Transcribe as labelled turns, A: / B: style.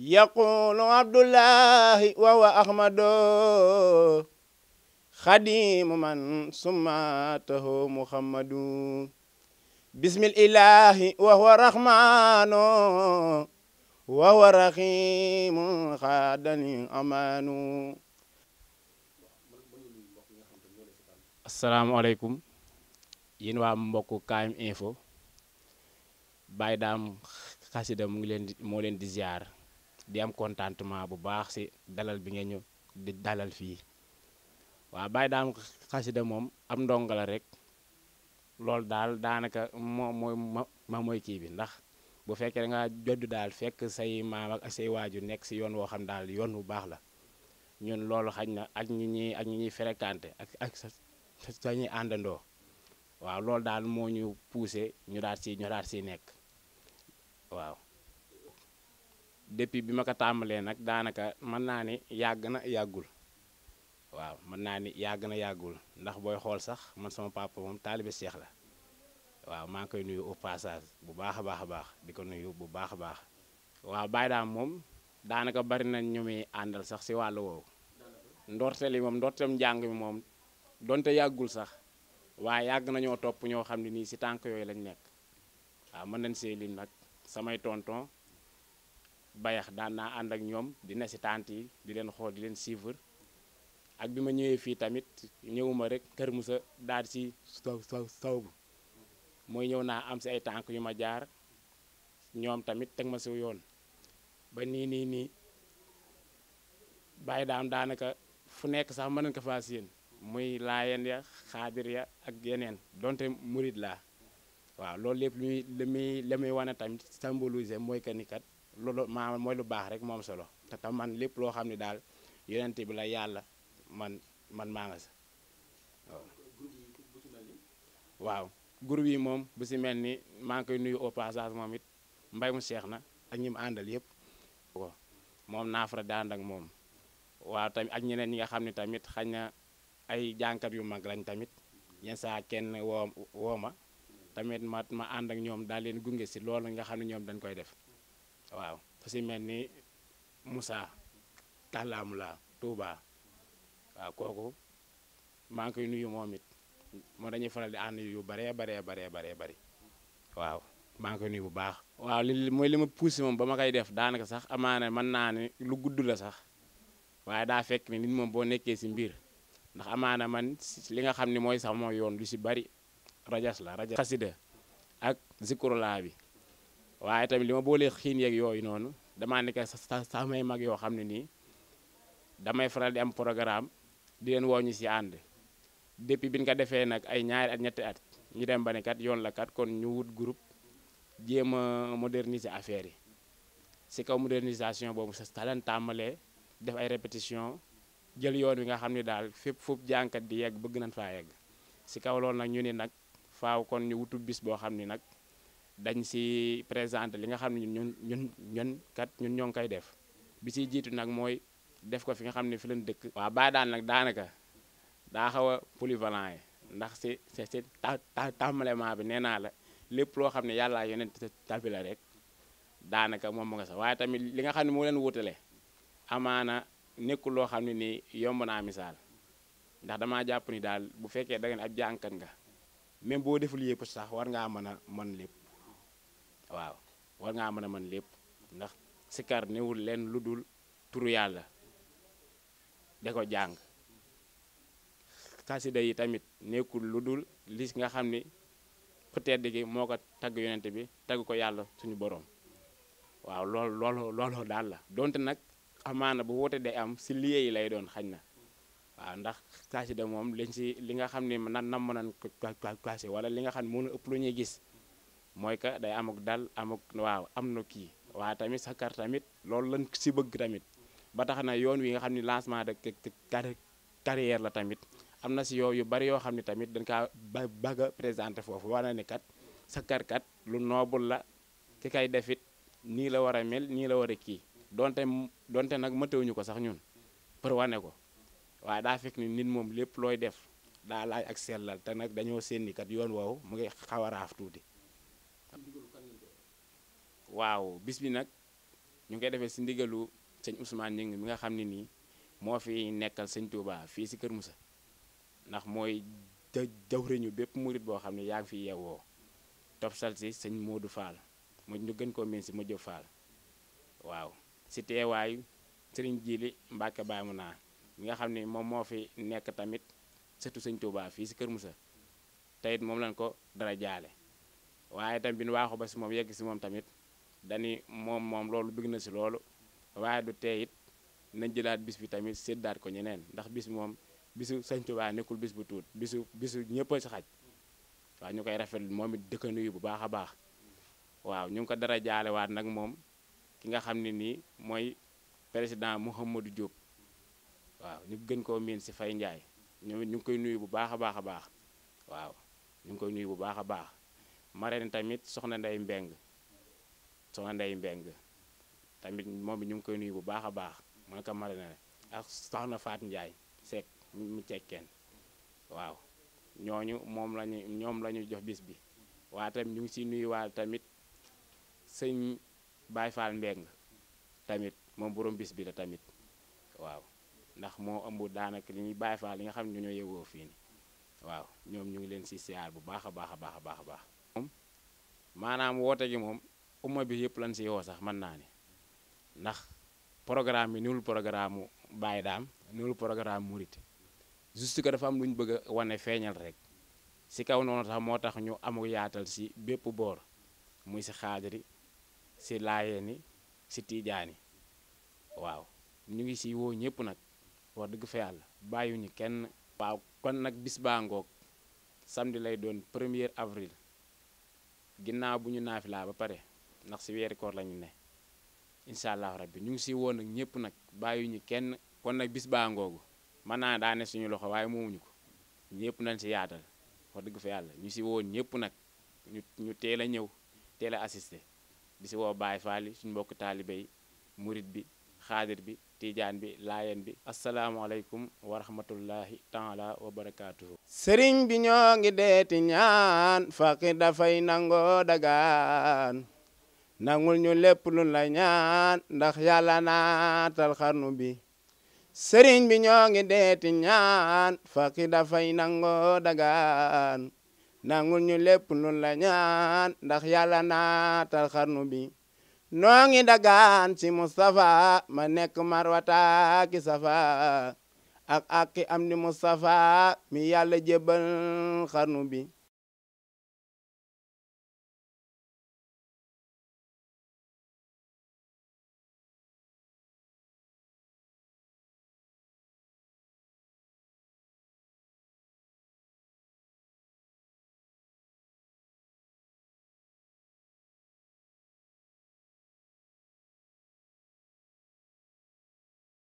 A: يقول عبد الله وهو أحمد خديم من سماته محمد بسم الإله وهو رحمن وهو رحيم خادم أمان السلام عليكم yéen waa كايم KM بايدام Baye Dame xasida mu ngi di am contentement bu baax si dalal bi nga ñu di dalal fii waaw Baye Dame xasida moom am ndongo la rek loolu daal daanaka moo mooy ma mooy kii bi ndax bu fekkee da nga jodd daal fekk say maam ak say waaju nekk si yoon woo xam daal yoon bu baax la ñun loolu xaj na ak ñi ñuy ak ñi ñuy fréquenté ak ak sa ñuy àndandoo waaw loolu daal moo ñu puuse ñu daal si ñu daal siy nekk waaw depuis bi ma ko tàmbalee nag daanaka mën naa ni yàgg na yàggul waaw mën naa ni yàgg na yàggul ndax booy xool sax man sama papa moom taalibe Seex la waaw maa ngi koy nuyu au passage bu baax a baax a baax di ko nuyu bu baax a baax waaw Baye Dame moom daanaka bari nañ ñu muy àndal sax si wàllu woowu ndorteel yi moom ndorteem njàng mi moom donte yàggul sax waaye yàgg nañoo topp ñoo xam ne nii si tànk yooyu lañ nekk waaw mën nañ see lim nag samay tonton. bayax daan naa ànd ak ñoom dina si tànt yi di leen xool di leen suivre ak bi ma ñëwee fii tamit ñëwuma rek Kër Moussa daad si saw saw saw bu mooy ñëw naa am si ay tànk yu ma jaar ñoom tamit teg ma si yoon ba nii nii nii bàyyi daam daanaka fu nekk sax mën nañ ko faa séen muy laayeen ya xaadir ya ak yeneen donte murid laa waaw loolu lépp lu muy la muy la muy wane tamit symboliser mooy que ni kat loolu maa mooy lu baax rek moom solo te tam man lépp loo xam ne daal yonent bi la yàlla man man maa nga waaw. waaw groupe yi moom bu si mel ni maa ngi koy nuyu au moom it mbay mu seex na ak ñi mu àndal yëpp. moom naafara daan ak moom waaw tamit ak ñeneen ñi nga xam ne tamit xañ na ay jànkat yu mag lañ tamit yenn saa kenn woo woo ma tamit ma ma ànd ak ñoom daal leen gunge si loolu nga xam ne ñoom dañ koy def. waaw fu mel ni Moussa Tallaamou la Touba waaw kooku maa koy nuyu moom it moo dañuy faral di ànd yu baree baree baree baree bëri waaw maa ngi koy nuyu bu baax. waaw li mooy li ma poussé moom ba ma koy def daanaka sax amaana mën naa ne lu gudd la sax waaye daa fekk ni nit moom boo nekkee si mbir ndax amaana man li nga xam ni mooy sax mooy yoon lu si bari rajas la rajas xasida ak zikurulaa bi. waaye tamit li ma boolee xiin yeeg yooyu noonu damaa nekk sa samay mag yoo xam ne nii damay faral di am programme di leen woo ñu si ànd depuis bi ñu ko defee nag ay ñaari at ñetti at ñu dem ba ne yoon la kat kon ñu wut groupe jéem a moderniser affaire yi si kaw modernisation boobu sa talan tàmbalee def ay répétition jël yoon wi nga xam ne daal fépp foofu jànkat di yegg bëgg nañ faa yegg si kaw loolu nag ñu ne nag faaw kon ñu wutu bis boo xam ne nag dañ si présenter li nga xam ne ñun ñun ñun kat ñun ñoo ngi koy def bi si jiitu nag mooy def ko fi nga xam ne fi lañ dëkk. waa Baye Daan nag daanaka daa xaw a yi ndax si si si ta ta nee naa la lépp loo xam ne yàllaa yeneen tabi rek daanaka moom mu nga sax waaye tamit li nga xam ne moo leen wutale amaana nekkul loo xam ne nii yomb naa misaal ndax damaa jàpp ni daal bu fekkee da ngeen ab jànkat nga même boo deful yëpp sax war ngaa mën a mën lépp. waaw war ngaa mën a man lépp ndax si sikar newul leen lu dul turu yàlla da ko jàng xasida yi tamit nekkul lu dul li nga xam ni ku tedd gi moo ko tagg yonent bi tagg ko yàlla suñu borom waaw loolu loolu loolu daal la donte nag amaana bu woote day am si liggéey yi lay doon xañ na waaw ndax xasida moom lañ si li nga xam ne na nam mënan kaase wala li nga xam ne mënu ëpp lu ñuy gis mooy que day amuk dal amuk waaw am na kii waa tamit sa kar tamit loolu lañ si bëgg tamit ba tax na yoon wi nga xam ne lancement de carrière la tamit am na si yow yu bari yoo xam ne tamit dañ kaa bëgg présenté foofu wane ne kat sa kar lu noobul la ki kay defit nii la war a mel nii la war a kii donte donte nag matewuñu ko sax ñun pour wane ko waa daa fekk ni nit moom lépp looy def daa laaj ak sellal te nag dañoo sénni kat yoon woowu mu ngi xaw a tuuti waaw bis bi nag ñu ngi koy defee si ndigalu sëñ Ousmane Gningue mi nga xam ne nii moo fi nekkal sëñ Touba fii si Kër musa ndax mooy ja bépp murit boo xam ne yaa ngi fi yeewoo top sal si sëñ Modou Fall mu ñu gën koo miin si Modou waaw si teewaayu sëriñ Jili Mbacke naa mi nga xam ne moom moo fi nekk tamit surtout sëñ Touba fii si Kër Moussa teyit moom lañ ko dara jaale waaye tam bi nu waaxu ba si moom yegg si moom tamit dani moom moom loolu bëgg na si loolu waaye du tee it jëlaat bis bi tamit séddaat ko ñeneen ndax bis moom bisu Sëñ Tuubaa nekkul bis bu tuut bisu bisu ñëpp a si xaj waaw ñu koy rafet moom it dëkk nuyu bu baax a baax waaw ñu ngi ko dara jaalewaat nag moom ki nga xam ne nii mooy président Mouhamadou Diop waaw ñu gën koo miin si Fay Njaay ñoom it ñu ngi koy nuyu bu baax a baax a baax waaw ñu ngi koy nuyu bu baax a baax marraine tamit soxna Ndey Mbeng soxna Ndeye Mbengue tamit moom ñu ngi koy nuyu bu baax a baax man ko marina ak soxna Faat Ndiaye Seck mu waaw ñooñu moom lañu ñoom la jox bis bi waa ñu ngi si nuyuwaale tamit sëñ Baye Fall Mbeng tamit moom borom bis bi tamit waaw ndax moo ëmb daanaka li ñuy Baye Fall li nga xam ne ñoo yëgoo fii ni waaw ñoom ñu ngi leen si siyaar bu baax a baax a baax a baax a baax moom maanaam woote gi moom umma bi yëpp lañ si yoo sax mën naa ne ndax programme bi niwul programme mu Baye Dame niwul programme juste que dafa am bëgg wane feeñal rek si kaw noonu tax moo tax ñu amu yaatal si bépp boor muy si xaajari si laayeeni si tiijaani waaw ñu ngi si woo ñëpp nag wax dëgg fa yàlla bàyyiwuñu kenn. waaw kon nag bis baa samedi lay doon premier avril ginnaaw bu ñu naafilaa ba pare. ndax si weeri koor la ñu ne incha allahu rabbi ñu ngi si woon nag ñëpp nag bàyyuñu kenn kon nag bis baa ngoogu mën naa daane suñu loxo waaye moomuñu ko ñëpp nañ si yaatal wax dëgg fa yàlla ñu si woon ñëpp nag ñu ñu teel a ñëw teel a assisté di si woo Baay Faal yi mbokk taalibe yi murit bi xaadir bi tiijaan bi laayeen bi asalaamaaleykum wa rahmatullahi taala wa sëriñ bi ñoo ngi deeti ñaan faqi dafay nangoo dagaan nangul ñu lépp luñ la ñaan ndax yàlla naatal xarnu bi sëriñ bi ñoo ngi deeti ñaan faqi dafay nangoo dagaan nangul ñu lépp luñ la ñaan ndax yàlla naatal xarnu bi noo ngi dagaan ci Moustapha ma nekk marwata ki safa ak ak am di Moustapha mi yàlla jébbal xarnu bi